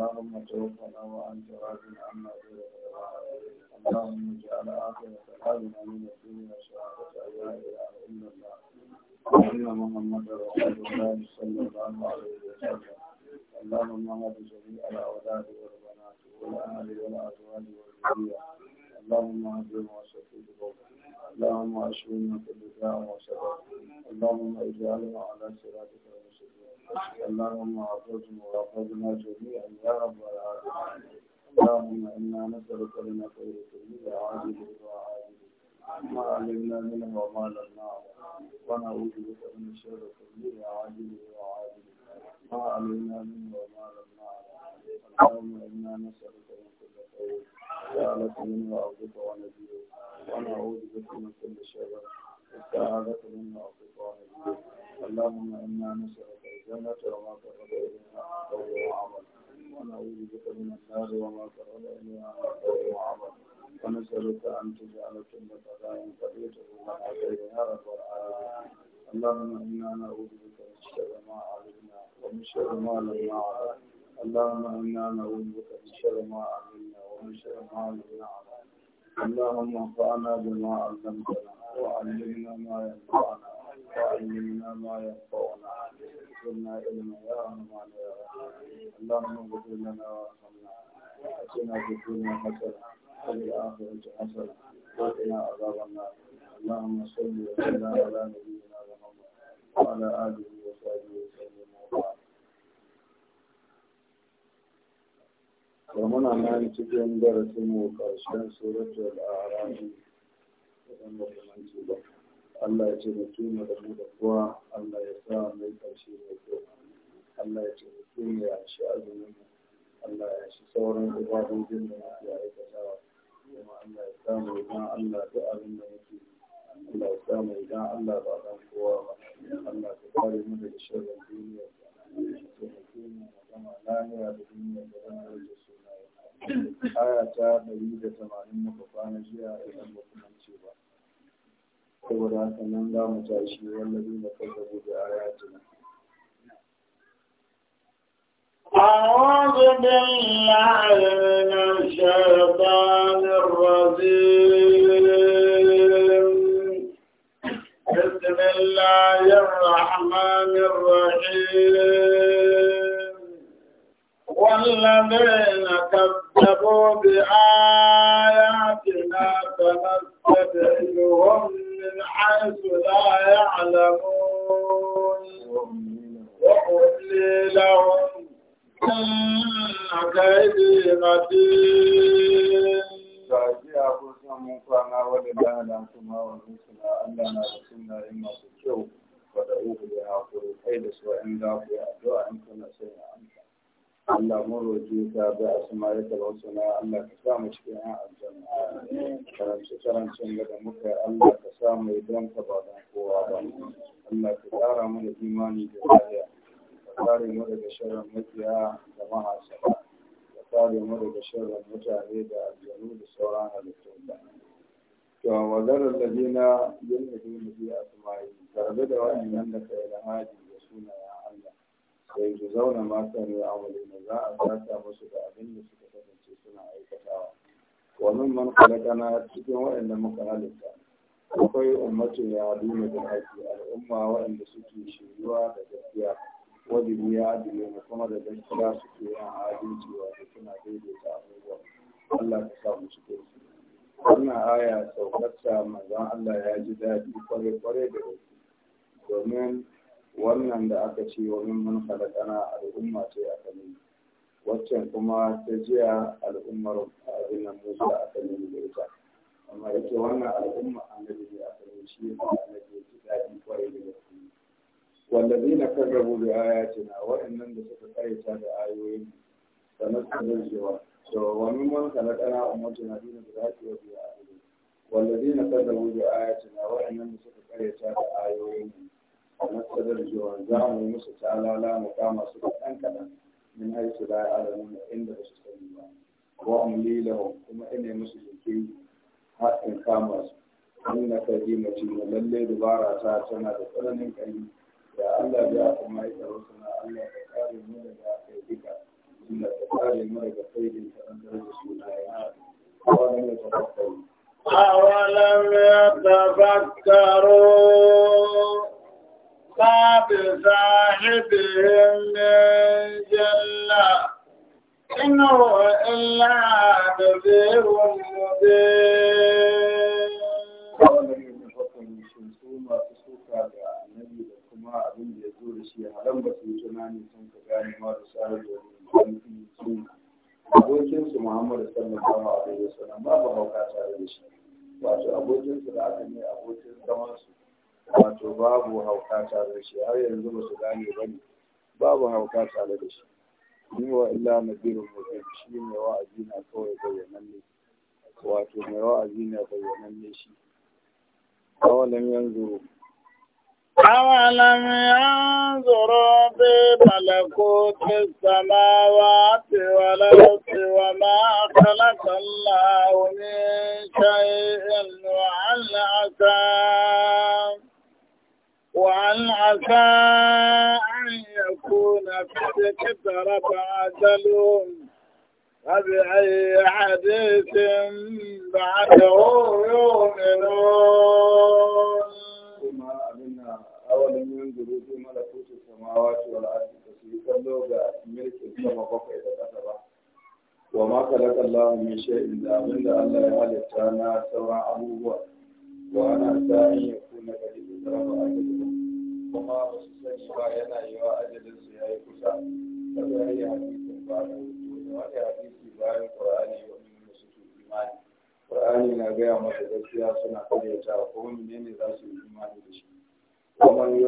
اللهم توفنا وأنت راضي عنا اللهم اجعل آخر كلامنا من الدنيا شهادة لا إله إلا الله وأن محمد رسول الله صلى الله عليه وسلم اللهم هب جميع الأولاد والبنات والأهل والأزواج والذرية اللهم اهدهم وسدد اللهم اشفهم من كل داء وسبب اللهم اجعلنا على صراطك المستقيم اللهم اعطنا ووفقنا جميعا يا رب العالمين اللهم انا نسالك لنا خير كله عاجله وعاجله ما علمنا منه وما لم نعلم ونعوذ بك من الشر كله عاجله وعاجله ما علمنا منه وما لم نعلم اللهم انا نسالك من كل خير سالك منه عبدك ونبيك ونعوذ بك من كل شر استعاذك منه عبدك ونبيك اللهم انا نسالك ونسألك أن تجعل كل بلاء قضيته لنا يا رب العالمين اللهم إنا نعوذ بك من شر ما علمنا ومن شر ما لم نعلم اللهم إنا نعوذ بك من شر ما علمنا ومن شر ما لم نعلم اللهم انفعنا بما علمتنا وعلمنا ما ينفعنا وعلمنا ما ينفعنا وزدنا علما يا رحمن يا رحيم اللهم اغفر لنا وارحمنا واتنا في الدنيا حسنه وفي الاخره حسنه وقنا عذاب النار اللهم صل وسلم على نبينا محمد وعلى اله وصحبه وسلم وبارك ومن أمان تجن درسمه قرشان سورة الأعراف ومن أمان تجن Allah ya ce mutum da mu da kowa Allah ya sa mai ƙarshe mai kyau Allah ya ce mutum ya shi azumin Allah ya shi sauran ibadojin da muke aikatawa kuma Allah ya samu idan Allah ta abin da muke Allah ya samu idan Allah ba dan kowa ba Allah ya kare mu daga sharrin duniya ya mutum ya zama lafiya da duniya da ran da sunaye aya ta tamanin muka jiya idan ba ce ba saboda haka nan za mu tashi wallazi na kazzabu da ayatina أعوذ بالله من الشيطان الرجيم بسم الله الرحمن الرحيم والذين كذبوا بآياتنا فنستدعيهم من حيث لا يعلمون وأملي لهم إن كيدي متين Gajiya ko san mun kwana wadda da na kuma wani suna Allah na da suna yin masu kyau wadda uku da haƙuri kai da su in za ku yi addu'a Allah mun roƙe ka bi asma'ika al-husna Allah ka sa mu cikin aljanna karanta karancin da muka Allah ka sa mu idan ka ba dan kowa ba Allah ka ƙara mana imani da lafiya ka kare mu daga sharrin makiya da mahasaba ka kare mu daga sharrin mutane da aljanu da sauran halittu to wa zarar ladina yin hadu bi asma'i tarbe da wa'annan da kai da haji da sunaye sai su zauna mata ne a amalina za a sata musu da abin da suka kasance suna aikatawa Wannan min man khalaqana cikin waɗanda muka halitta akwai ummatu ya duna da haƙi al'umma waɗanda suke shiruwa da gaskiya wajibi ya adiye kuma da gaskiya suke yin adalci wato suna daidaita abubuwa Allah ka sa mu cikin su wannan aya saukarta manzon Allah ya ji daɗi kwarai-kwarai da gaske domin wannan da aka ce wa min mun halakana al'umma ce aka yi. waccan kuma ta jiya al'ummar abinan musa aka yi da ita amma yake wannan al'umma annabi ne kan yi shi ne annabi ya ji daɗi kwarai da gaske wallazi na karrabu da ayatina waɗannan da suka ta da ayoyin sanar da zarjewa to wa min mun halakana ummatina dina da zaki wa biya ayoyi wallazi na karrabu da ayatina waɗannan da suka ta da ayoyin na sadar jiwa za mu musu talala mu kama su kaɗan kaɗan min haisu inda ba su sani ba wa amli lahum kuma ina musu jinkiri haɗin kama su inna kalimati wa lalle dubara ta tana da tsananin kai da Allah ya kuma yi tsaro sana Allah ka kare mu daga kaidika Allah ka kare mu daga kaidin ta dan da su da ya wannan da tafakkaru awalam yatafakkaru ما بصاحبهم من جلة إن هو إلا نذير مبين kuma abin da ya zo da shi haram ba su yi tunani sun ka gane ma da sa'ar da wani sun abokinsu Muhammadu sallallahu alaihi wasallam babu hauka tare da shi wato abokinsu da aka ne abokin zaman su wato babu hauka tare da shi har yanzu ba su gane ba ne babu hauka tare da shi ni wa illa nadirin mutum shi ne wa'azi na kawai bayyananne wato mai wa'azi na bayyananne shi awalan yanzu yanzu أولم ينظروا في ملكوت السماوات والأرض وما خلق الله من شيء وهل عسى وأن عسى أن يكون قد اقترب أجلهم فبأي حديث بعده يؤمنون كما أمنا أولا ينظروا في ملكوت السماوات والأرض فسيكلوا بملك السماء فوق إذا كتبه وما خلق الله من شيء إلا من الله يهلك كان سواء أبوه wa ana sa an ya kuna da idrafa ajalin kuma ba su sani ba yana yi wa ajalin su yayi kusa da zai yi hadisin ba da wuce wani hadisi bayan qur'ani wa min sutu imani na gaya masa gaskiya suna karyata ko menene za su yi imani da shi فلا هادي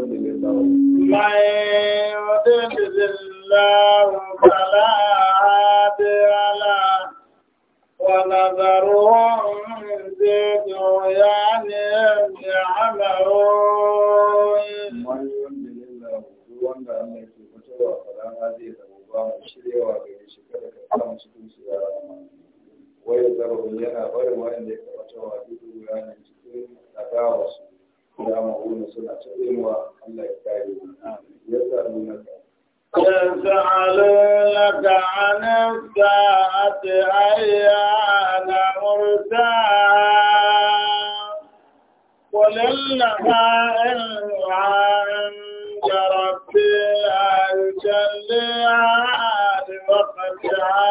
له ونذرهم في طغيانهم يعمهون wanda Allah ke fitowa farana zai zama ba mu shiryawa gare shi kada ka samu cikin su ya rama wai zaro yana bari da ya fitowa duk yana cikin adawa su ya ma'una suna ta Allah ya kare mu ya sa nuna ka يسألونك عن الساعة أيان مرساها قل إنما علمها عند ربي لا يجليها لوقتها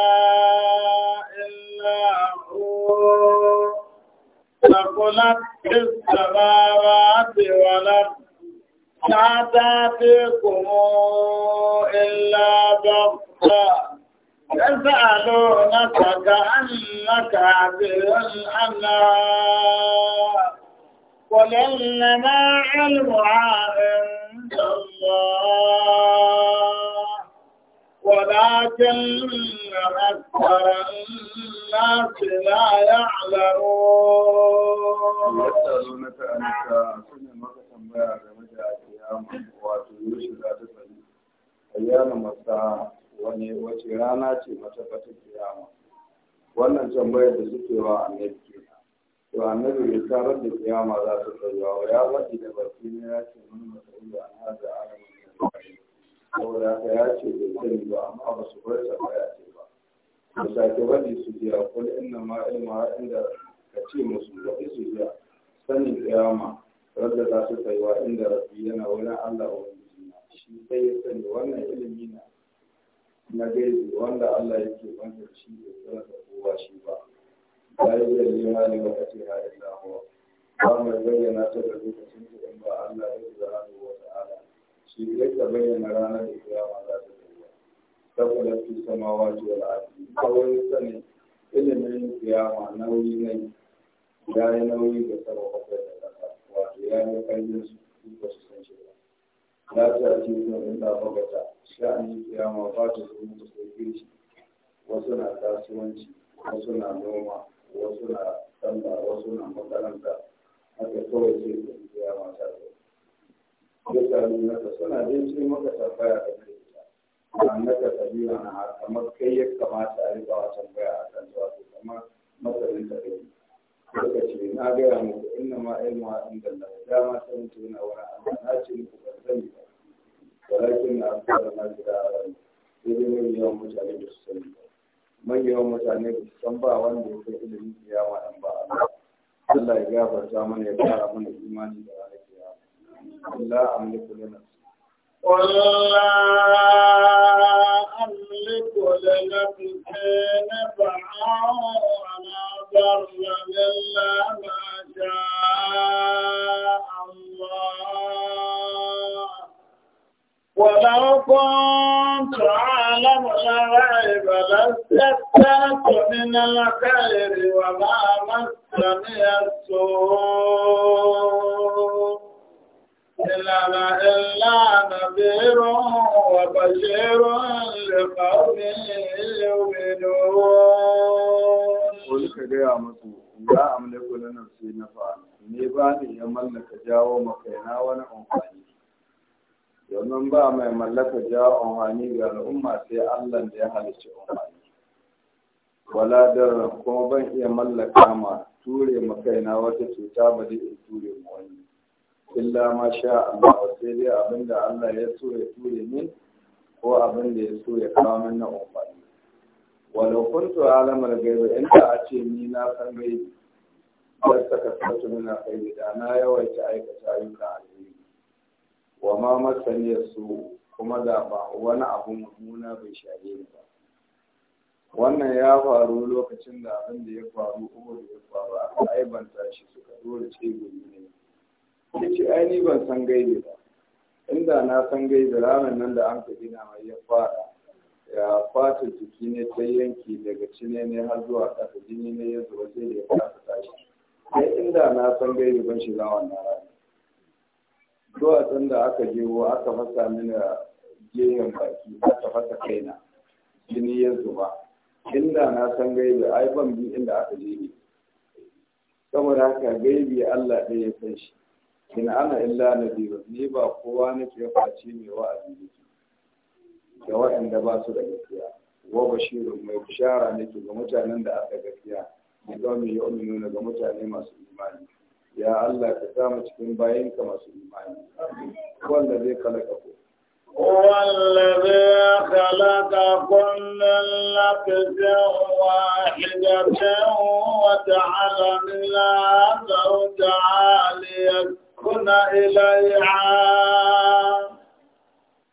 إلا هو ثقلت في السماوات والأرض لا تأتيكم إلا بغتة يسألونك كأنك عبد الله قل إنما علم عند الله ولكن أكثر الناس لا يعلمون يسألونك أنك سنة مكة wato yushe za ta sani ayyana masa wani wace rana ce mata matabbatar kiyama wannan tambayar da suke wa annabi kenan to annabi ya tarar da kiyama za ta tsayuwa ya faɗi da baki ne ya ce mun masarufi an haza alamun yanzu saboda haka ya ce bai sani ba amma ba su bar tambaya ce ba ku sake faɗi su jiya kul inna ma ilma inda ka ce musu ba su jiya sanin kiyama wanda za su kaiwa inda rabbi yana wurin Allah ubangiji shi sai ya sani wannan ilimi na na gaibi wanda Allah yake wanda shi ya sanar da kowa shi ba ba ya yi lima ne ba kace ha illa huwa ba mai bayyana ta da lokacin da in ba Allah ya zara da wata ala shi ya ta bayyana ranar da kiyama za ta kaiwa saboda fi samawa ce wal ardi kawai sani ilimin kiyama nauyi ne ya yi nauyi da sabon kwakwai ya yi karfin su duk ba su san shi ba la ta ce sun in da magata sha'ani kiyama ba ta zo mutu sai girki wasu na kasuwanci wasu na noma wasu na sallah wasu na makaranta haka kawai sai sun kiyama ta zo mutane naka suna dai sai maka tambaya da kai ta naka tabi'a na kamar kai ya kamata a riba wa tambaya a kan zuwa kamar masarin ta kai suka ce na gaya muku inna ma ilmu a inda Allah dama ta mutu yana wani Allah na ce muku ban sani ba walakin na amfana na gida a rai sai dai mai yawan mutane da su sani ba mai yawan mutane da su san ba wanda ya san ilimin kiyama dan ba Allah Allah ya gafarta mana ya kara mana imani da ranar kiyama Allah amliku lana قل لا أملك لنفسي نفعا ولا ضرا إلا ما شاء الله ولو كنت أعلم الغيب لاستكثرت من الخير وما مسني السوء لنا إلا نذير وبشير لقوم يؤمنون قل كجيا مسو لا أملك لنفسي نفعا ni ba ni ya mallaka jawo makaina wani amfani domin ba mai mallaka jawo amfani ga al'umma sai allah da ya halicci amfani wala da kuma ban iya mallaka ma ture makaina wata cuta ba zai iya ture mu wani illa ma sha Allah sai dai abinda Allah ya so ya ture min ko abinda ya so ya kawo min na umarni walau kuntu alamar gaiba inda a ce ni na san gaibi bar saka sautu nuna kai da na yawaita aikata ayyuka alheri wa ma masaniyar su kuma da ba wani abu mummuna bai shaye ni ba wannan ya faru lokacin da abin da ya faru umar ya faru a ka aibanta shi suka dole ce gumi ne ya ce ai ni ban san gaibe ba inda na san gaibe ranar nan da an ka gina mai ya fada ya fata jiki ne ta yanki daga cine ne har zuwa ƙasa jini ne ya zuwa sai da ya fata tashi sai inda na san gaibe ban shiga wannan rana duwatsun da aka wa aka fasa mini gehen baki aka fasa kaina jini ya zuba inda na san gaibe ai ban bi inda aka je ne saboda haka gaibe Allah ɗaya ya san shi in ana illa na biyu, ni ba kowa na nake face mai wa'azi nake da waɗanda ba su da gaskiya wa bashirun mai bishara ke ga mutanen da aka gaskiya da kawai ya nuna ga mutane masu imani ya Allah ka samu cikin bayanka masu imani wanda zai kalaka ku والذي خلقكم من نفس واحدة وجعل منها زوجها ليسكن كنا إليها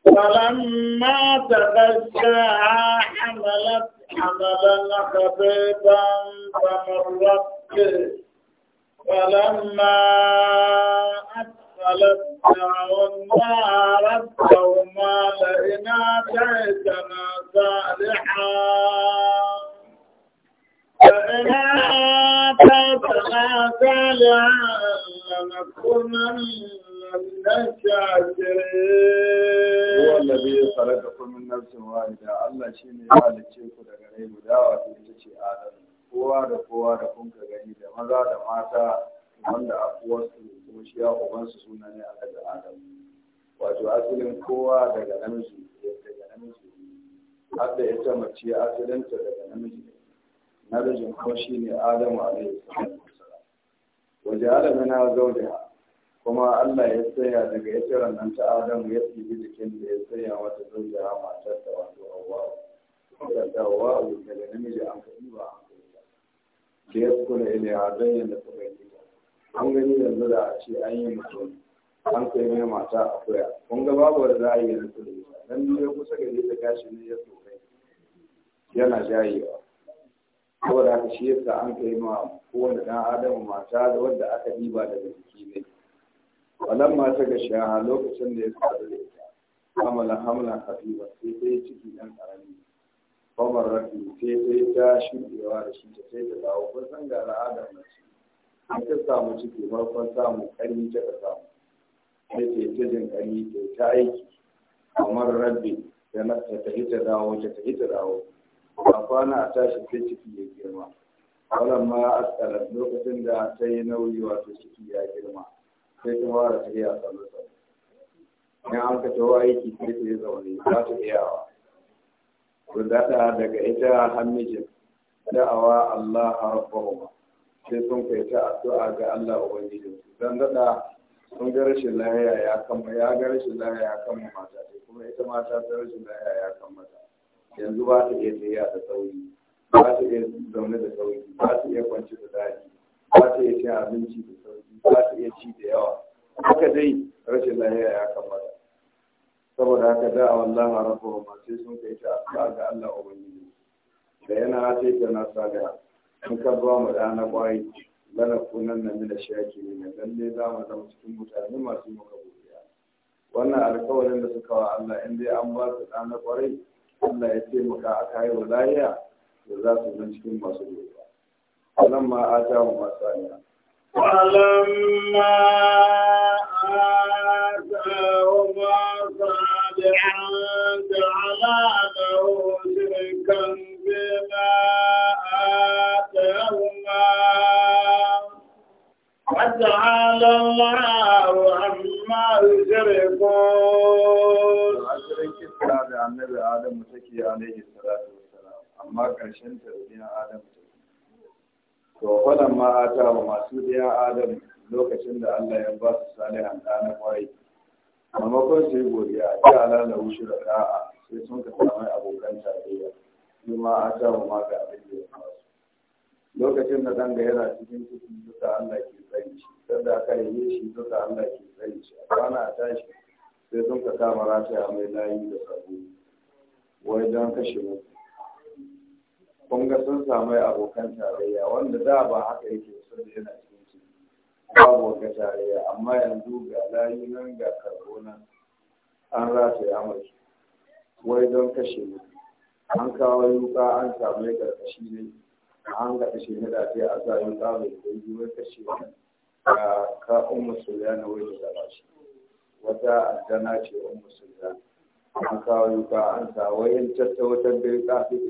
فلما تغشاها حملت حملا خفيفا فمرت به فلما أدخلت دعوا النار ربهما لئن آتيتنا صالحا فإن آتيتنا صالحا لنكونن من الشاكرين هو الذي خلقكم من halicce ku daga rai guda wato ita ce Adam kowa da kowa da kun ka gani da maza da mata a kuma shi ya kowa daga namiji daga namiji ita mace daga namiji kuma shi ne Adamu alaihi salam waje alamina zaujiha kuma Allah ya tsaya daga ya nan ta adam ya tsibi jikin da ya tsaya wata zaujiha matar da wato Kuma da dawa daga namiji an ka ba an kaɗi ba da ya kula ile a danyen da kuma yi an gani yanzu da a ce an yi mutum an kai yi mata a koya kun ga babu wanda za a yi da kuɗi dan ne kusa gari ta gashi ne ya tsokai yana jayewa saboda haka shi yasa an kai ma kowane ɗan adamu mata da wanda aka diba daga jiki ne wannan mata ga shaha lokacin da ya faru da ita amala hamla habiba sai ta yi ciki ɗan ƙarami kwamar rafi sai ta yi ta shuɗewa da shi ta sai ta dawo kun san ga al'adar shi. an ta samu ciki farkon samu ƙarni ta ka samu sai ta ta jin ƙarni ta ta aiki kamar rabbi ta tafi ta dawo ta tafi dawo a kwana a tashi sai ciki ya girma wannan ma asala lokacin da ta yi nauyi wato ciki ya girma sai ta fara ta iya sallu in an ka tawa aiki sai ta yi zaune za ta iyawa ku daɗa daga ita hannijin da'awa Allah rabbahuma sai sun kai ta addu'a ga Allah ubangiji dan daɗa sun ga rashin lahiya ya kama ya ga rashin lahiya ya kama mata kuma ita mata ta rashin lahiya ya kama mata yanzu ba su iya tafiya da sauri ba su iya zaune da sauri ba su iya kwanci da daji ba su iya cin abinci da sauri ba su iya ci da yawa haka dai rashin lahiya ya kamata saboda haka da wallahi rabbuhum sai sun kai ta addu'a ga Allah ubangiji da yana ce ta na saga in ka ba mu da na kwai lana kunan nan da shaki ne lalle za mu zama cikin mutane masu maka wannan alƙawarin da suka wa Allah in dai an ba su da na kwarai Allah ya taimaka a kayi wa lahiya da za su zan cikin masu doka. Alam ma a ta mu masaniya. Alam ma a ta mu masaniya da ala da shirkan bima a ta mu وجعل الله عما يشركون halitta da annabi adamu take alaihi salatu wassalam amma ƙarshen ta da adamu take to fadan ma ata wa masu ɗiyan adamu lokacin da Allah ya ba su salihan da na kwari maimakon su yi godiya ya alala wuce da da'a sai sun ka samu abokan tarayya su ma ata wa ma ga abin da ya lokacin da danga yana cikin ciki duka Allah ke tsari shi sanda aka yi shi duka Allah ke tsari shi a kwana a tashi sai sun ka kama rataya mai layi da sabu wai don kashe mu kun ga sun samu abokan tarayya wanda da ba haka yake sun da yana cikin ciki babu wata tarayya amma yanzu ga layi nan ga karbo nan an rataya mai wai don kashe mu an kawo yuka an samu ya karkashi ne an ga kashe ne da a sa yuka mai kai wai kashe ka ka umar soyayya na wai da shi wata aljana ce wa musulman an kawo yuka an sa wayan tatta wata bai kafi da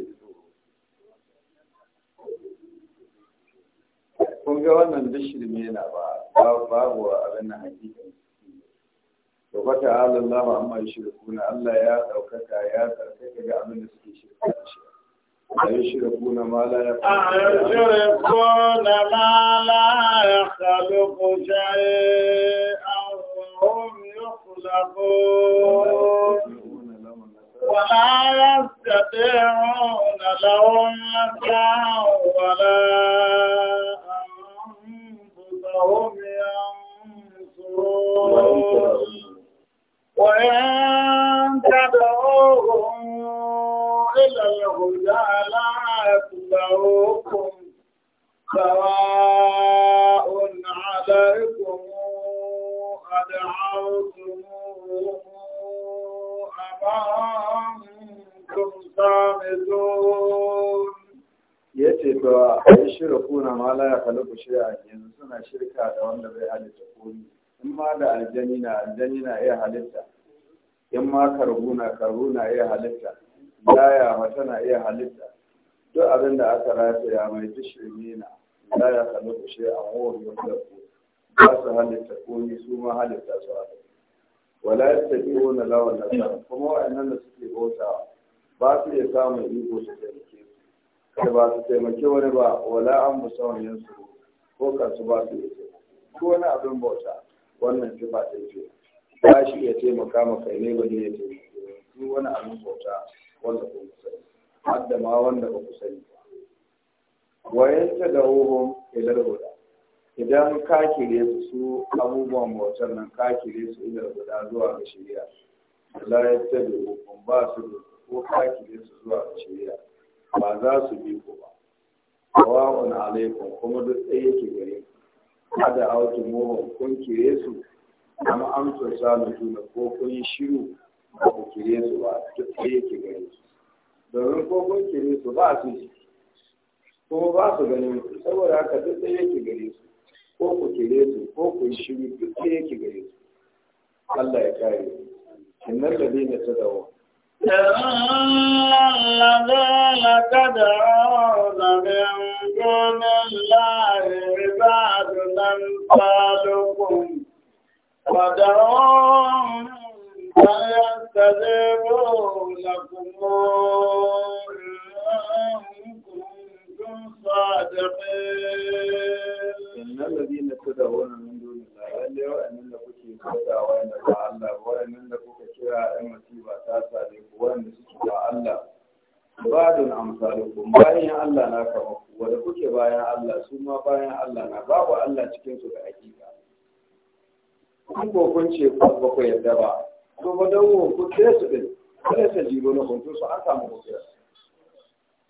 su kun ga wannan duk shirme na ba babu abin na hakika da wata halallahu amma kuna Allah ya ɗaukaka ya tsarkaka ga abin da suke shirka da shi أيشركون ما لا يخلق أيشركون ما لا يخلق شيء يخلقون ولا يستطيعون لهم نفعا ولا أنفسهم ينصرون وإن تدعوهم إلى الهدى لا يتبعوكم سواء عليكم أدعوكم cewa a yi shirin kuna ma la ya ku shirya yanzu suna shirka da wanda bai halitta komi in ma da aljani na aljani na iya halitta in ma karbu na karbu na iya halitta laya mata na iya halitta duk abin da aka ya mai dishirme na la ya ku shirya a wani wanda da ku ba su halitta komi su ma halitta su kai wala ya tafi wani lawan nasara kuma wa'annan da suke bautawa ba su iya samun iko su kai da ba su taimake wani ba wala an musamman yansu ko kansu ba su yi ko wani abin bauta wannan ba ta ce ba shi ya taimaka kai ne ba ne ya taimaka su wani abin bauta wanda ku sani har da ma wanda ba ku sani wayan ta da hohon ilar guda idan ka kire su abubuwan bautar nan ka kire su ilar guda zuwa ga shirya la ya ta da hohon ba su ko ka kire su zuwa ga shirya ba za su bi ku ba wani alaikun kuma duk ɗaya yake gare ku da auki mohon kun kire su amma sa samun juna ko kun yi shiru ba ku kire su ba duk ɗaya yake gare su domin ko kun kire su ba su ji kuma ba su ganin ku saboda haka duk ɗaya yake gare su ko ku kire su ko ku yi shiru duk ɗaya yake gare su Allah ya kare innal ladina dawo. إن الذين تدعون من دون الله عباد أمثالكم ودعوهم فيستجيبوا لكم إن كنتم صادقين إن الذين تدعون من lalle waɗannan da kuke kuka kira ta same ku waɗanda ba bayan Allah na kama kuke bayan Allah su ma bayan Allah na babu Allah da hakika kun ko ce ba ku ba to ba ku su ta jiro na su an samu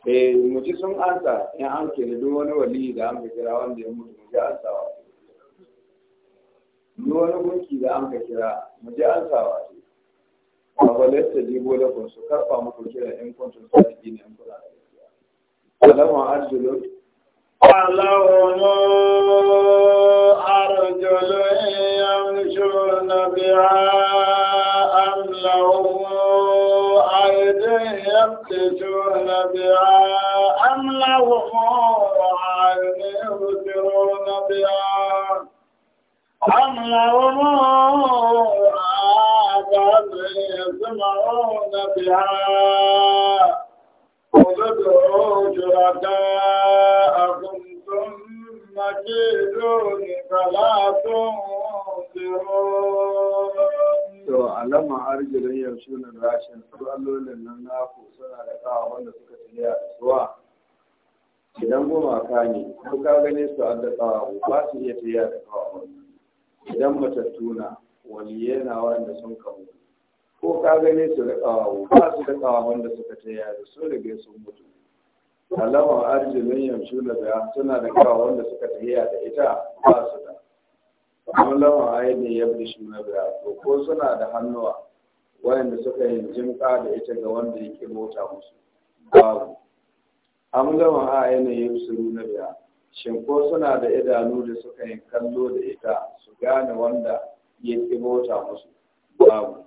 eh, mu ji sun ansa in an kira duk wani wali da an kira wanda ya mutu mu ji ni wani gunki da an ka kira mu je an sawa ce a ta jibo da kun su karɓa muku kira in kun tun sadiki ne in kula da gaskiya alama arjulu alawunu arjulu yamshuna biha am lahum aydin yabtishuna biha am lahum ayun yubsiruna biha أم لهم آدم يسمعون بها قل ادعوا شركاءكم ثم To alama arjirin yarshu na rashin su allolin nan naku suna da wanda suka tafiya da suwa idan goma ka ne ko ka gane su an da kawo ba su iya tafiya da kawo wanda idan matattuna wani yana wanda sun kamu ko ka gane su riƙawa ba su riƙawa wanda suka ta yaya sun rige sun mutu alamar arzikin yamshu da biya suna da kawa wanda suka ta yaya da ita ba su da alama ainihin yabda shi na biya to ko suna da hannuwa wanda suka yi jimka da ita ga wanda yake mota musu babu an gama a yanayin suru na biya shin ko suna da idanu da suka yi kallo da ita su gane wanda ya ƙi mota musu babu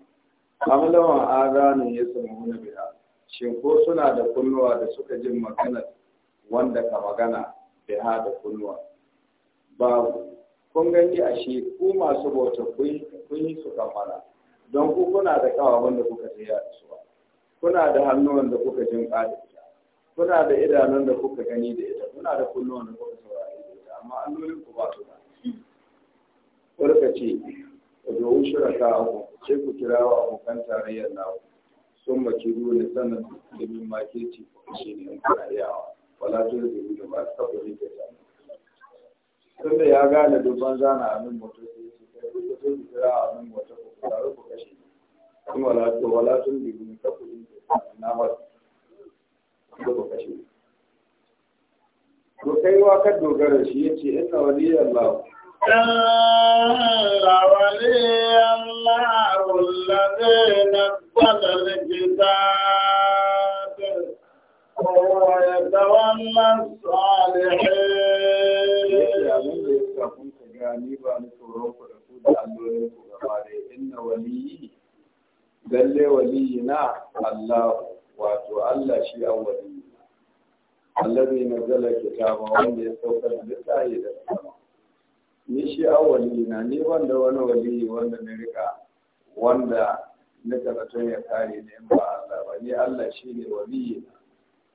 a ranar ya sami wani biya shin ko suna da kunnuwa da suka jin magana wanda ka magana biya da kunnuwa babu kun gani a shi ku masu bauta kun yi su kamara don ku kuna da kawo wanda kuka tsaya da su kuna da hannuwan da kuka jin ƙadita kuna da idanun da kuka gani da ita kuna da kullum da kuka saurari da ita amma allolin ku ba su da kurka ce ku zo ka abu ce ku kira wa abokan tarayyar na sun ruwa da sannan da bin make ce ku kashe ne na kuna wa wala tun da yi da ba su taɓa rike ta da ya gane duk banza zana abin mutum sai su kai ku zo ku kira abin mutum ku kira ku kashe ne kuma wala tun da yi da ku rike ta na wata lokacin to kai wa ka dogara shi ina inna wali Allah inna wali Allah alladhi nazzala al-kitab wa yatawalla as-salihin ya da ya gani ba ni tsoro ku da ku da annabi ku gabare inna wali lalle wali na Allah wato Allah shi Allah ne nazala kitaba wanda ya saukar da littafi da sama ni shi wani na ni wanda wani wali wanda na rika wanda na karatun ya kare ne ba Allah ba ni Allah shi ne wali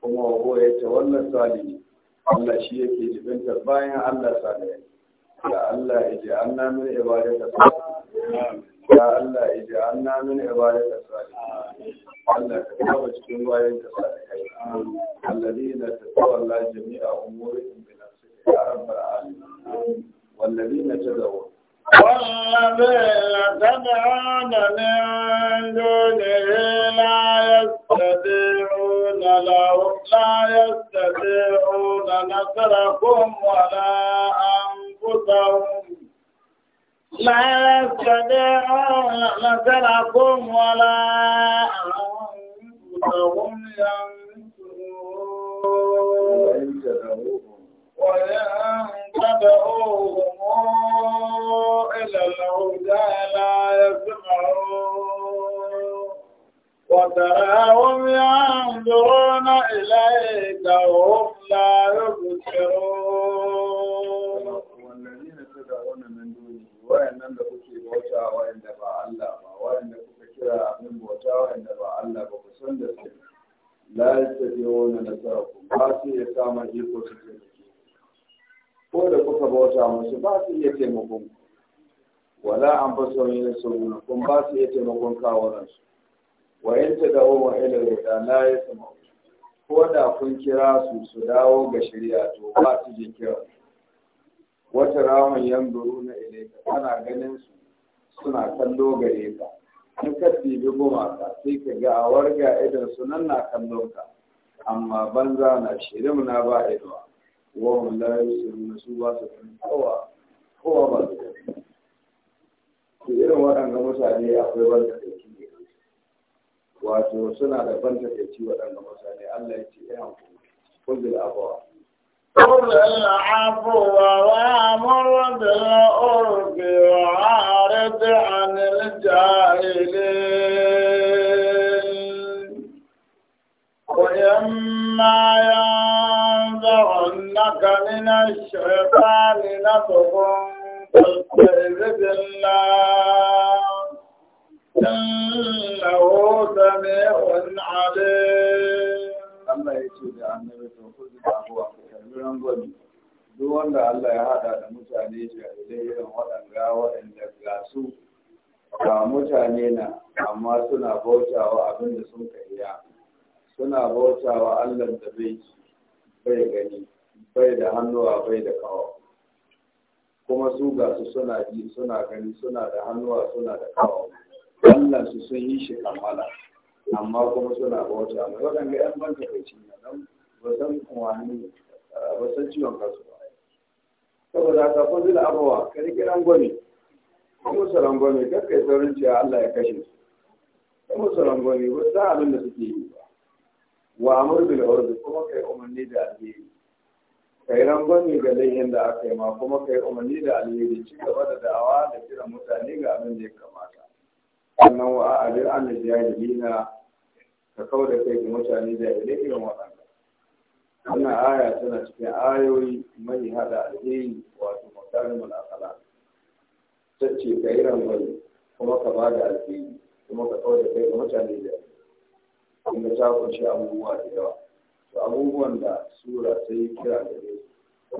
kuma wa ya ce wannan salihi Allah shi yake jibinta bayan Allah salihi ya Allah ya ji an namin ibadata ya Allah ya ji an namin ibadata salihi Allah ka kawo cikin bayan ka sa kai alladina tatawalla jami'a umurihim bi nafsika ya rabbal alamin walladina tadawu والذين تدعون من دونه لا يستطيعون لهم لا يستطيعون نصركم ولا أنفسهم لا يستطيعون نصركم ولا أنفسهم فهم ينكرون وإن تدعوهم إلى الهدى لا يسمعون وتراهم ينظرون إليك وهم لا يبصرون والذين تدعون من دونه وإن لم تكن بوتا وإن دفع الله وإن كنت كلا من بوتا وإن دفع الله san da su la yastabi'una nasarakum ba su iya samun iko su taimake ko da kuka bauta musu ba su iya taimakon wala an faso yin sauna kun ba su iya taimakon kawunansu wa in ta dawo wa ila da la ya sama ko da kun kira su su dawo ga shari'a to ba su je kira wata ramin yan buru na ilaika kana ganin su suna kallo gare ka in ka ɗibi gumaka sai ka ga a warga idan sunan na kallon ka amma banza na shirin na ba idowa wahun layu sun su ba su kan kowa kowa ba su kan su irin waɗanda mutane akwai ban da kai wato suna da ban da kai waɗanda mutane Allah ya ce ya hankali kullum abawa قل العفو وامر بالعرف وعارض عن الجاهلين وإما ينزعنك من الشيطان نصب فاستعذ بالله إنه سميع عليم Allah ya ce da annabi to kuzi da abuwa ka karbi rangwami duk wanda Allah ya hada da mutane shi a jahilai irin waɗanda waɗanda ga su ga mutane na amma suna bautawa abin da sun kariya suna bautawa Allah da bai bai gani bai da hannuwa bai da kawo kuma su ga su suna ji suna gani suna da hannuwa suna da kawo Allah su sun yi shi kammala. amma kuma suna bauta amma waɗanda ‘yan banka da ci na don ba san wani eh, ba san ciwon kansu ba saboda haka ko zila abawa ka riƙe rangwame ko musu rangwame kakkai saurin cewa Allah ya kashe su ko musu rangwame ba sa abin da suke yi ba wa amurbi da urdu kuma kai umarni da alheri kai rangwame ga laihin da aka yi ma kuma kai umarni da alheri ci gaba da da'awa da kiran mutane ga abin da ya kamata sannan wa a bin an na. ka kawo da kai ga mutane da ilai irin waɗanda wannan aya tana cikin ayoyi mai hada alheri wato makarin mulakala ta ce ka yi rangwani kuma ka ba da alheri kuma ka kawo da kai ga mutane da inda ta kunshi abubuwa da yawa to abubuwan da sura ta yi kira da su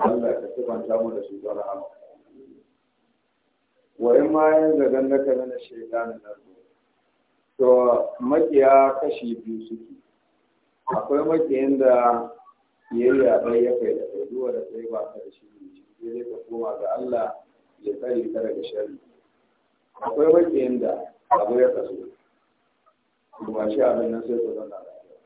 Allah ka kwanta mu da su don wa ma yin zagan na kame na na nasu to makiya kashi biyu suke akwai makiyan da a ɗaya ya kai da kai duwa da kai ba ka da shi ne zai ka koma ga Allah ya tsare ka daga sharri akwai makiyan da abu ya kaso kuma shi abin nan sai ku zanna lafiya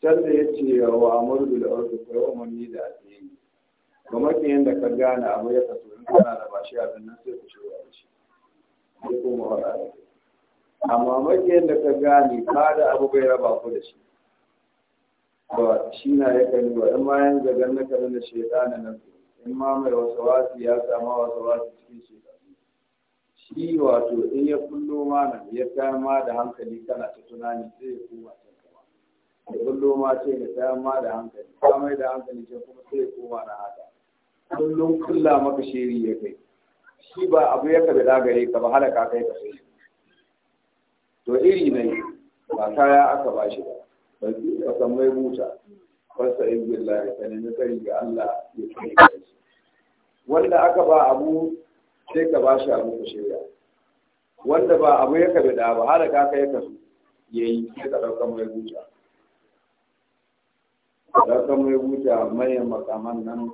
can da ya ce wa amur da urfi kai manni da asiri ke yin da ka gane abu ya kaso in kana da bashi a nan sai ku shirya wa shi sai ko mu fara da amma yin da ka gane ba da abu bai raba ku da shi Ba shi na ya kani ba in ma yin zagar na kanin da shaytana nan in ma mai wasu wasu ya sama wasu cikin shaytani shi wato in ya kullo ma nan ya ma da hankali kana ta tunani sai ya koma ta da kullo ma ce da ta ma da hankali ta mai da hankali ce kuma sai koma na haka kullum kulla maka shiri ya kai shi ba abu ya kabe gare ka ba halaka kai ka sai to iri ne ba kaya aka ba shi ba ba ka san mai buta wasa in ya sani na kai ga Allah ya kai kai wanda aka ba abu sai ka ba shi abu ka shirya wanda ba abu ya kabe da ba halaka kai ka ya yayi sai ka ɗaukan mai buta ɗaukan mai buta mai makaman nan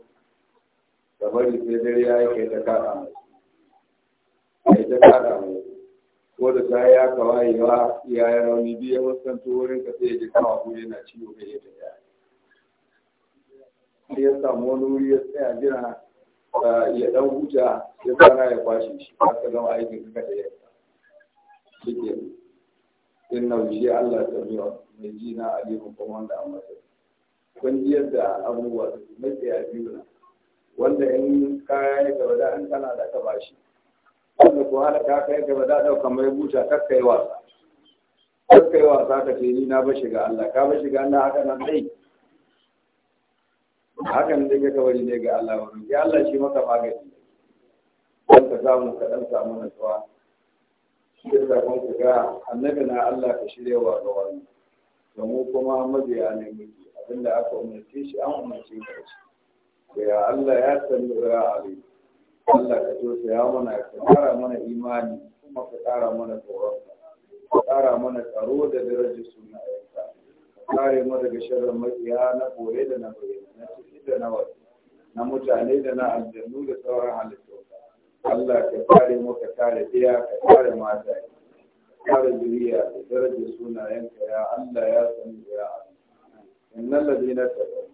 da bari sai dare ya yi kai ta kaɗa mai kai ta ko da ta ya kawai ya rauni biyu ya wasanto wurin sai ya ji kawa ko yana ciwo kai ya tafiya ya samu wani wuri ya tsaya jira ya dan huta ya kwana ya kwashe shi ba gama aikin ka da yadda shi shi Allah ta na alimu kuma wanda abubuwa wanda in kaya ya gaba da an kana da ka bashi wanda ko hana ka kai gaba da daukan mai buta kai wasa kai wasa ka ce ni na bashi ga Allah ka bashi ga Allah haka nan dai hakan dai ka kawai ne ga Allah wa ya Allah shi maka magani dan ka samu ka dan samu nutsuwa shi da kun ga annabi na Allah ka shirewa ga wani da mu kuma mabiya ne muke abinda aka umarce shi an umarce shi ya Allah ya sallu ya ali Allah ka tosa ya mana ka ƙara mana imani kuma ka ƙara mana tsoron ka ƙara mana tsaro da darajar sunayenka ka kare mu daga sharrin makiya na kore da na bayyana na ciki da na wasu na mutane da na aljannu da sauran halittu Allah ka kare mu ka kare ɗaya ka kare mata kare zuriya da darajar sunayenka ya Allah ya sallu ya ali innal ladina taqaw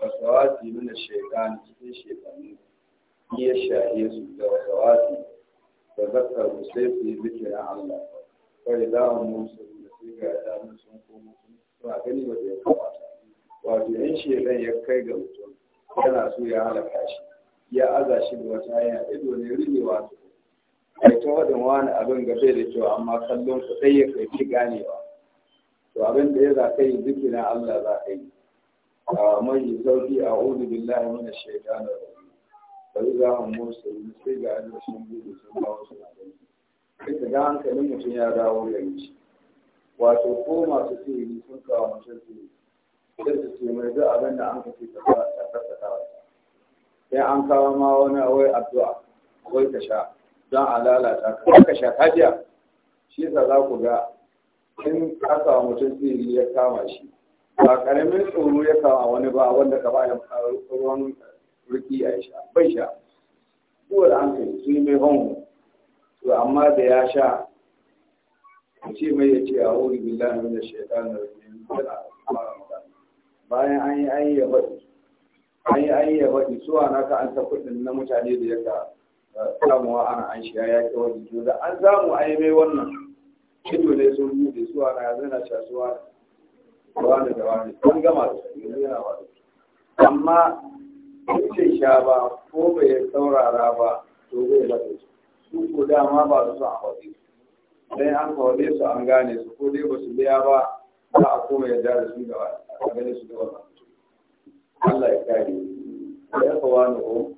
wasawasi mina shaitan cikin shaitanu ya shahe su da wasawasi da zakaru sai su yi zikirin Allah kawai za mu musu da sai ga damar sun komo suna gani ba da ya kamata wato yan shaitan ya kai ga mutum yana so ya halaka shi ya aza shi da wata hanya ido ne rigewa su kai ta wadin wani abin ga bai da kyau amma kallon ku ɗaya kai ki ganewa to abin da ya za ka yi zikirin Allah za ka yi mai sauki a hudu billahi mana shaitanar bari za a musu sai ga ajiyar sun gudu sun kawo su sai ka ga hankalin mutum ya dawo da shi wato ko masu sihiri sun kawo mutum sihiri sai an an kawo ma wani wai addu'a wai ka sha don a lalata ka ka sha jiya? shi za ku ga in aka mutum sihiri ya kama shi ba karamin tsoro ya kawo wani ba wanda ka ba da ruwan riki a sha bai sha kuwa da kai su yi mai hon to amma da ya sha a ce mai ya ce a wuri billahi da shaitan rajim yana fara kuma bayan an yi an yi ya faɗi an yi an yi ya faɗi suwa na ka an tafi ɗin na mutane da ya ka eh, samuwa ana an shiga ya ke wani to da an samu a yi mai wannan shi ne sun buɗe suwa na ya zana casuwa. suwa amma ce sha ba ko bai saurara ba to zai lafi su ko dama ba su son a faɗi sai an faɗe su an gane su ko dai ba su biya ba za a koma ya da su gaba a gane su gaba Allah ya kare ya fa wani ko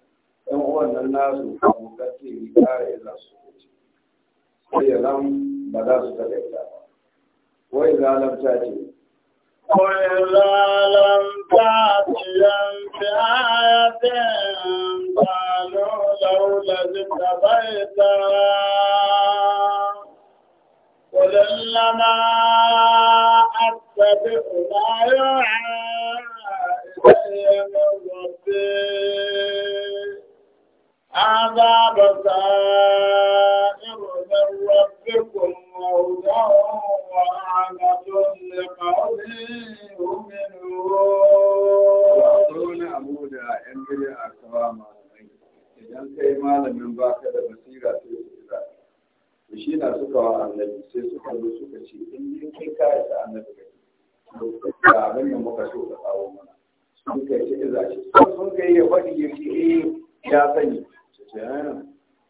Yan uwan nan nasu abokan tiri ƙara iza su kuce sai ya zan ba za su taɓa ita ba wai zalamta ce وإذا لم تأتهم بآية قالوا لولا اجتبيتها قل إنما أتبع ما يوحى إلي من ربي عذاب سائر من ربكم وهدى ورحمة لقوم يؤمنون. idan kai malamin baka da basira sai su kira to shi na suka wa annabi sai suka zo suka ce in dai kai ka yi da annabi kai to abin da muka so ka kawo mana sun kai shi sun kai ya faɗi ya ce eh ya sani ce ainihin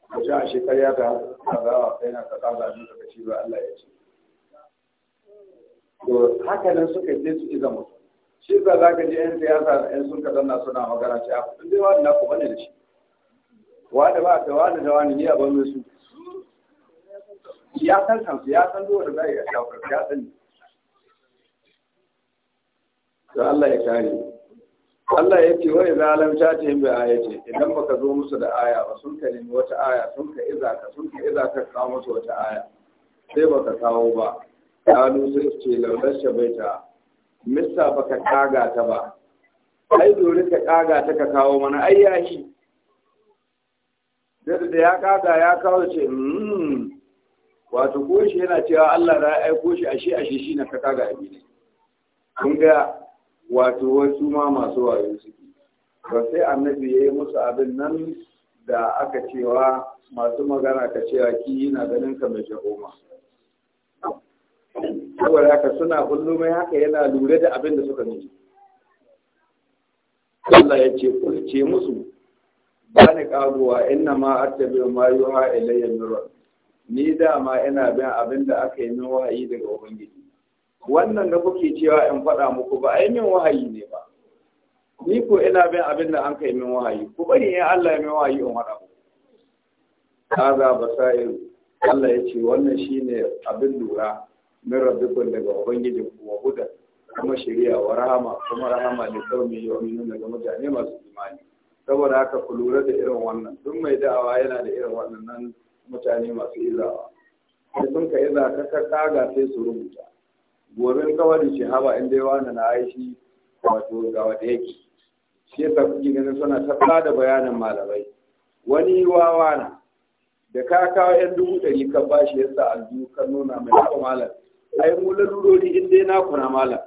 ka ji a shekarya ta a kai na ka kaza ne ka ci ba Allah ya ce to haka nan suka je su iza mutum shi ba za ka je yan siyasa yan sun kaɗan na suna magana ce a ah, kudin dai wani na kuma ne da shi wani ba ka wani da wani ni a ban su ya san kansu ya san zuwa da za a yi a shafar ya sani to Allah ya kare Allah ya ce wa idza lam tatihim bi ayati idan baka zo musu da aya ba sun ka nemi wata aya sun ka iza ka sun ka iza ka kawo musu wata aya sai baka kawo ba Ya sai ce laular shabaita mista baka kaga ta ba ai dole ka kaga ta ka kawo mana ai yashi da da ya kaga ya kawo ce hmm wato ko shi yana cewa Allah ya aiko shi ashe ashe shi na ka kaga abi ne kun ga wato wasu ma masu wayo suke ba sai annabi ya yi musu abin nan da aka cewa masu magana ka cewa ki yana ganin ka mai jahoma saboda haka suna kullum mai haka yana lura da abin da suka nuna Allah ya ce ce musu ba ni karuwa inna ma attabi ma yuha ilayya min ni dama ina bin abin da aka yi min wahayi daga ubangiji wannan da kuke cewa in faɗa muku ba ai min wahayi ne ba ni ko ina bin abin da an kai min wahayi ku bari in Allah ya min wahayi in faɗa muku kaza basair Allah ya ce wannan shine abin lura na rabbikum daga ubangijin ku wa huda kuma shari'a wa rahama kuma rahama ne kawai yu'minun daga mutane masu imani saboda haka ku lura da irin wannan duk mai da'awa yana da irin wannan mutane masu izawa sai sun ka iza ka kaga sai su rubuta gobe kawai da shahaba inda yawa na na aishi wato ga wata yake shi tafi kuke ganin suna ta da bayanin malamai wani wawa na da ka kawo yan dubu ɗari ka ba shi yasa a biyu kan nuna mai haɓa malam ai mu lalurori durori inda na kuna malam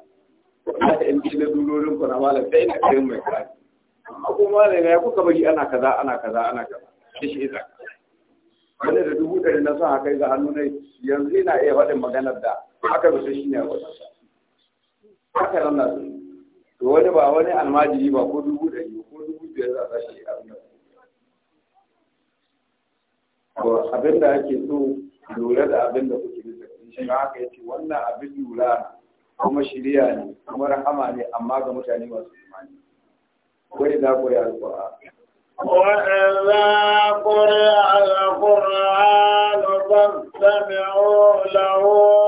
wata in dai durorin kuna malam sai na kai mai kari amma ko malam ya kuka bari ana kaza ana kaza ana kaza shi shi zaka wani da dubu ɗari na son haka ga hannu ne yanzu ina iya faɗin maganar da haka bisa shi ne a wajen haka nan na to wani ba wani almajiri ba ko dubu ɗari ko dubu biyar za a shi abin da ko abin da ake so lura da abin da kuke bisa shi ma haka yace wannan abin lura kuma shiriya ne kuma rahama ne amma ga mutane masu imani wai za ku yi وإذا قرأ القرآن فاستمعوا له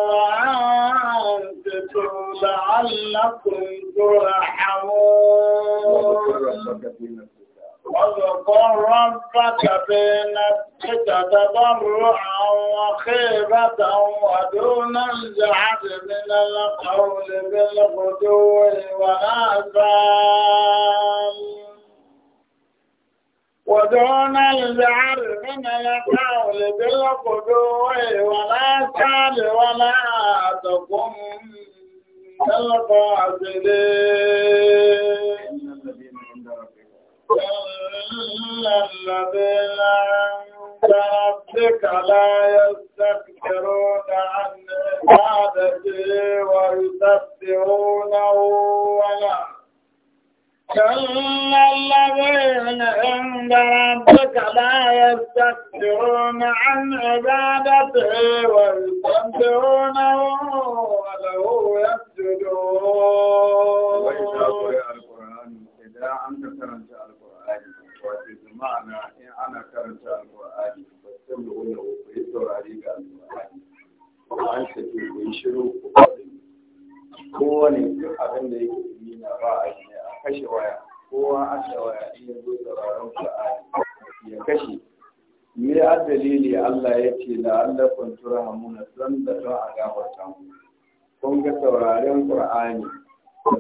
وأنصتوا لعلكم ترحمون واذكر ربك في نفسك تضرعا وخيفة ودون الجهد من القول بالغدو والآثام ودون الجعل من القول بالقدوة ولا تعد ولا تقم القاسدين إلا الذين عند ربك لا يستكبرون عن عبادته ويسبحونه ولا ثم الذين عند ربك لا يستكبرون عن عبادته ويسبحونه وله يسجدون. وإذا قرأ القرآن إذا أنت إن أنا كرمت القرآن فاستمعوا له فيسر عليك القرآن وأنت تنشروا قوة كوني أبن لك من رأينا kashe waya kowa an da waya ya zo sauraron Qur'ani ya kashe me a dalili Allah ya ce la'allakum turhamuna san da don a gafarta mu kun ga sauraren Qur'ani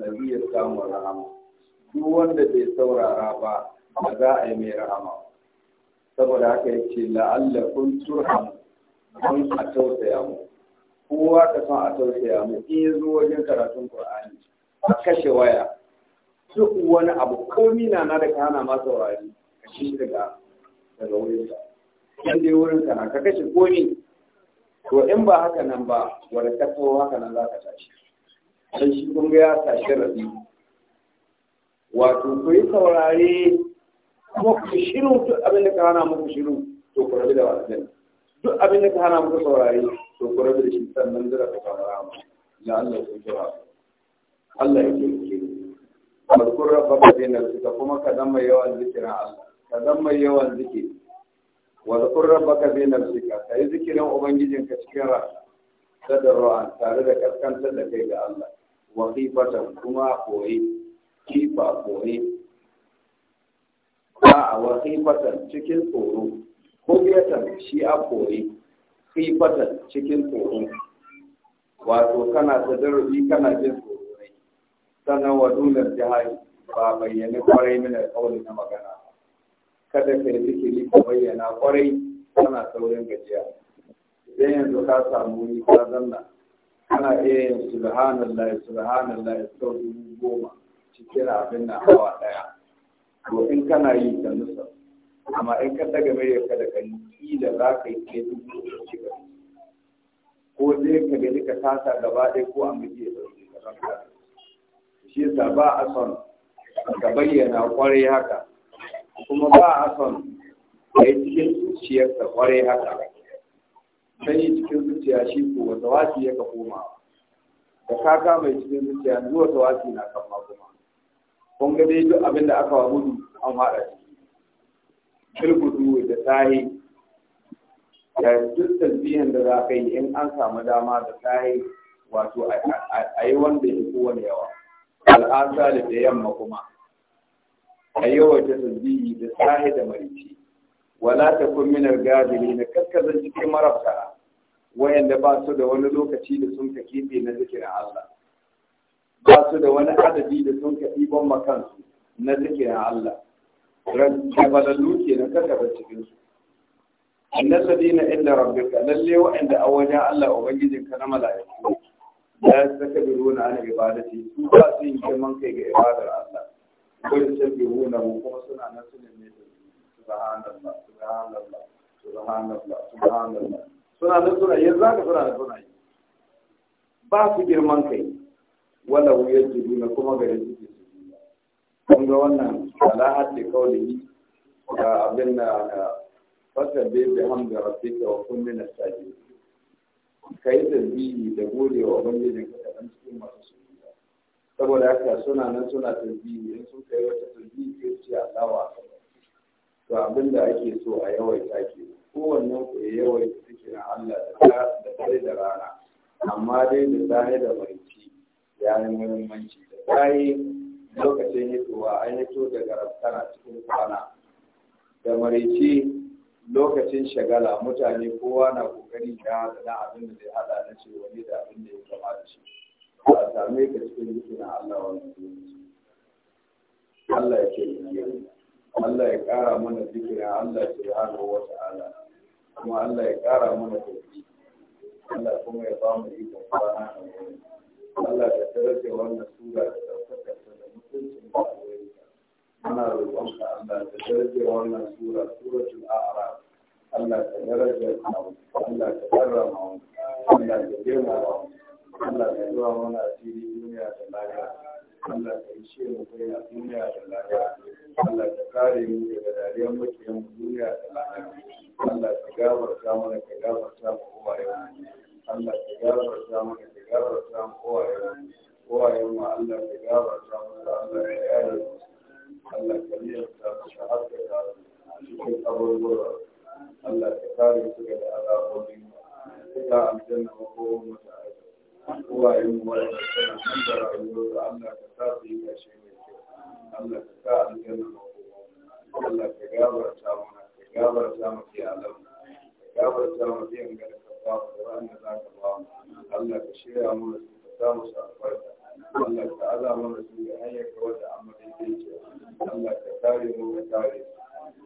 da zai ya samu rahama duk wanda bai saurara ba ba za a yi mai rahama saboda haka ya ce la'allakum turhamu don a tausaya mu kowa ka son a tausaya mu in ya zo wajen karatun Qur'ani a kashe waya duk wani abu komi na na da kana ma saurari a shi daga daga wurin ka in dai wurin ka na ka kashe komi to in ba haka nan ba wani kaso haka nan za ka tashi sai shi kun ga ya tashi rabi wato ku yi saurare kuma ku shiru duk abin da ka hana muku shiru to ku rabu da wasan duk abin da ka hana muku saurare to ku rabu da shi sannan zira ka fara ya Allah ya kira Allah ya kira farkon rabbaka da nafsika kuma ka zama yawan zikirin Allah ka zama yawan zikiri wadkur rabbaka bi ka kai zikirin ubangijin ka cikin ra tadarruan tare da kaskantar da kai ga Allah wa fata kuma koyi kifa koyi a wa fata cikin tsoro ko biyatan shi a koyi fata cikin tsoro wato kana tadarrubi kana jin tsoro sannan wa dunar jihari ba bayyana kwarai mana kauli na magana kada ka yi zikiri ka bayyana kwarai kana saurin gajiya idan yanzu ka samu ni ka zanna ana iya yin subhanallah subhanallah sau dubu goma cikin abin na hawa daya to in kana yi da nusa amma in ka daga mai ka da kai kila za ka yi kai dubu ko zai ka gani ka tasa gaba ɗaya ko a gaji ya ɗauke ka ranka shi yasa ba a son ka bayyana kwarai haka kuma ba a son ka yi cikin zuciyarsa kwarai haka sai yi cikin zuciya shi ko wata wasi ya ka koma da kaka mai cikin zuciya yanzu wata wasi na kan ma kuma kun ga dai duk abin da aka wa gudu an haɗa shi kilgudu da tahi da duk tasbihin da za ka yi in an samu dama da tahi wato a yi wanda ya fi yawa al'asali da yamma kuma a yawaita tasbihi da sahi da marici wala ta kun minar gabili na kaskazan cikin marabta wayanda ba su da wani lokaci da sun ka kife na zikirin Allah ba su da wani adadi da sun ka ibon makansu na zikirin Allah da ke na kaskazan cikinsu annal ladina inda rabbika lalle wa'anda a wajen Allah ubangijinka na mala'iku la yastakbiruna an ibadati su ba su yin girman kai ga ibadar Allah ko yusabbihuna kuma suna nan suna ne subhanallah subhanallah subhanallah subhanallah suna nan suna yanzu zaka suna nan suna yi ba su girman kai wala yajiduna kuma ga yanzu su kun ga wannan ala'ad da kaulihi ga abin da fasabbe wa kun min ka yi tasbihi da gode wa ubangijin ka kaɗan cikin masu sujuda saboda haka suna nan suna tasbihi in sun kai wata tasbihi sai su a Allahu to abin da ake so a yawaita ke kowannen ku ya yawaita cikin Allah da dare da rana amma dai da safe da barci ya yi muhimmanci da safe lokacin hitowa an hito daga rafsana cikin kwana da marici lokacin shagala mutane kowa na kokari da na abin da zai hada na ce wani da abin da ya kama da shi ba a same ka cikin na Allah wannan lokaci Allah ya ce Allah ya kara mana zikirin Allah subhanahu wa ta'ala kuma Allah ya kara mana tauki Allah kuma ya ba mu ikon kwana Allah ya tarar da wannan sura da ɗaukakar da mutuncin ana roƙonka Allah ta daraja wannan sura suratul a'raf Allah ta daraja Allah ta karrama Allah ta girmama Allah ta zuwa mana asiri duniya da lafiya Allah ta shi mu kai a duniya da lafiya Allah ta kare mu daga dariyar makiyan duniya da lafiya Allah ta gafarta mana ka gafarta mu uwayen Allah ta gafarta mana ka gafarta mu uwayen uwayen ma Allah ta gafarta mu Allah ya yare mu Allah ka biya ta shahada da a cikin kaburbura Allah ka kare su ga da azabobin ka ta aljanna ko kuma ta uwayen mu wanda suna nan da rayuwar Allah ka sa su yi kashe mai kyau Allah ka sa aljanna ko kuma Allah ka gabarta mana ka gabarta mu ke alamu ka gabarta mu ke ga da ka ba mu da wanda za ka ba mu Allah ka shirya mu da ka samu sa albarka Allah ka aza mana su ga hanyar ka wata amma daidai ce Allah ta kare mu ka kare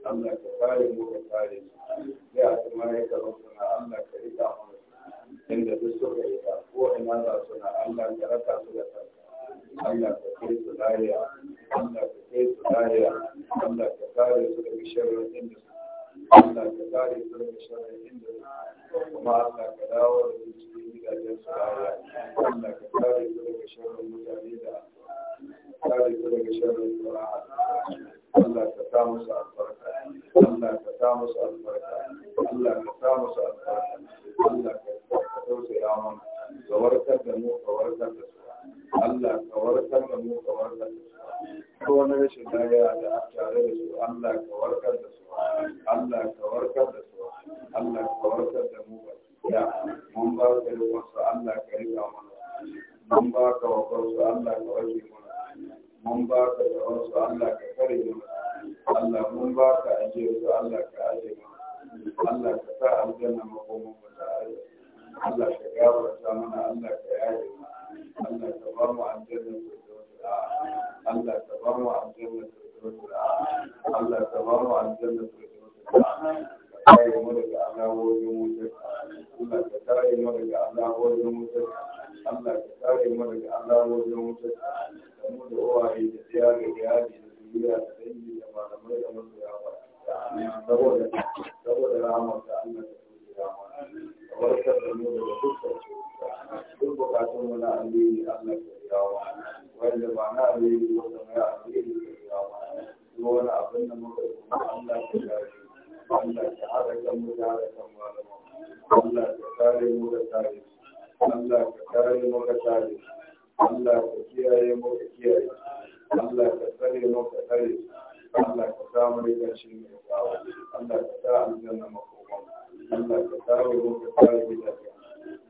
Allah ta kare mu ka kare ya kuma ya ka suna Allah ka rika mana inda duk suka yi ta ko ina za suna Allah ka raka su da kanka Allah ta kai su lahiya Allah ta kai su lahiya Allah ta kare su daga sharrin inda suke Allah ka kare su daga sharrin da kuma Allah ka dawo da su ta gidajen su Allah ka kare su daga sharrin mutane da kare su daga sharrin fara'a Allah ka ta musu albarka Allah ka ta musu albarka Allah ka ta musu albarka Allah ka tausaya mana ka warkar da mu ka warkar da su Allah ka warkar da mu ka warkar da su ko wani rashin lafiya da a tare da su Allah ka warkar da su Allah ka warkar da su Allah ka warkar da mu ba ya mun ba ka da wasu Allah ka rika mana mun ba ka wa wasu Allah ka warke mana mun ba ka da wasu Allah ka kare mana Allah mun ba ka ajiye su Allah ka ajiye mana Allah ka sa aljanna makomin mu da Allah ka gafarta mana Allah ka yaye Allah ka ba mu aljanna da Allah ka ba mu aljanna da Allah ka ba mu aljanna da kare mu daga alawoyin wutar Allah ka kare mu daga alawoyin wutar Allah ka kare mu daga alawoyin wutar da mu da uwaye da tsaya da yadi da zuriya da dangi da malamai da masoya ba saboda saboda ramar da Allah ta tsoke ramar ka warkar da mu daga dukkan Dun bukatun mu na alheri Allah ka biya wa wanda ba na alheri wanda mai alheri ka biya wa duk wani abin da muka yi Allah ka kare Allah ka haɗa kan mu da haɗa kan Allah ka kare mu ka kare Allah ka kare mu ka kare Allah ka kiyaye mu ka kiyaye Allah ka tsare mu ka tsare Allah ka samu rikacin mai kawo Allah ka sa aljanna makoman Allah ka kare mu ka kare gidajen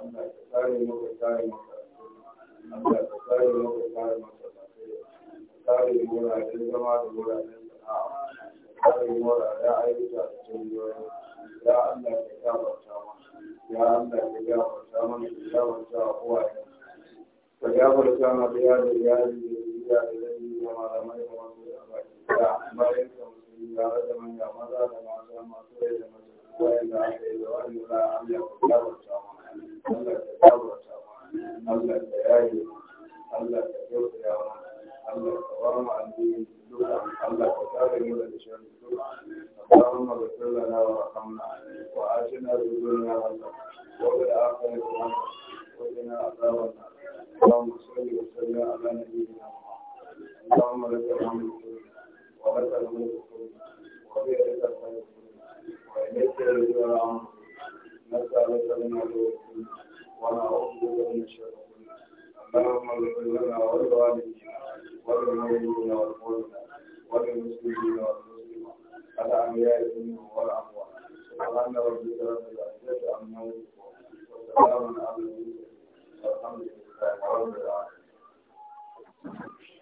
Allah ka kare mu ya kare mu Allah ya kare ya ka kare mu kare mu da zama da wuraren sana'a kare mu da ya ayyuka da jami'o'i ya Allah ya gafarta mana ya Ya ka gafarta mana ka gafarta wa uwaye ka gafarta mana da yaro ya yaro da zuriya ya zuriya ya malamai da masu da baki da bayan ka ya da da manya maza da mata masu da masu ya wanda aka yi da ya za a yi ya gafarta mana Allah ka tabbata Allah ka yaye Allah ka tausaya Allah ka ba mu addini duka Allah ka kare mu daga sharri duka اللهم اغفر لنا وارحمنا وآتنا في الدنيا وفي الآخرة حسنة وقنا عذاب النار اللهم صل وسلم على نبينا محمد اللهم لك الحمد ولك الملك وبيدك نسألك من عدوكم ونعوذ بك من شركم اللهم اغفر لنا ولوالدينا وللمؤمنين والمؤمنات وللمسلمين والمسلمات الأحياء منهم والأموات سبحان ربك رب العزة عما يصفون على المرسلين والحمد لله رب العالمين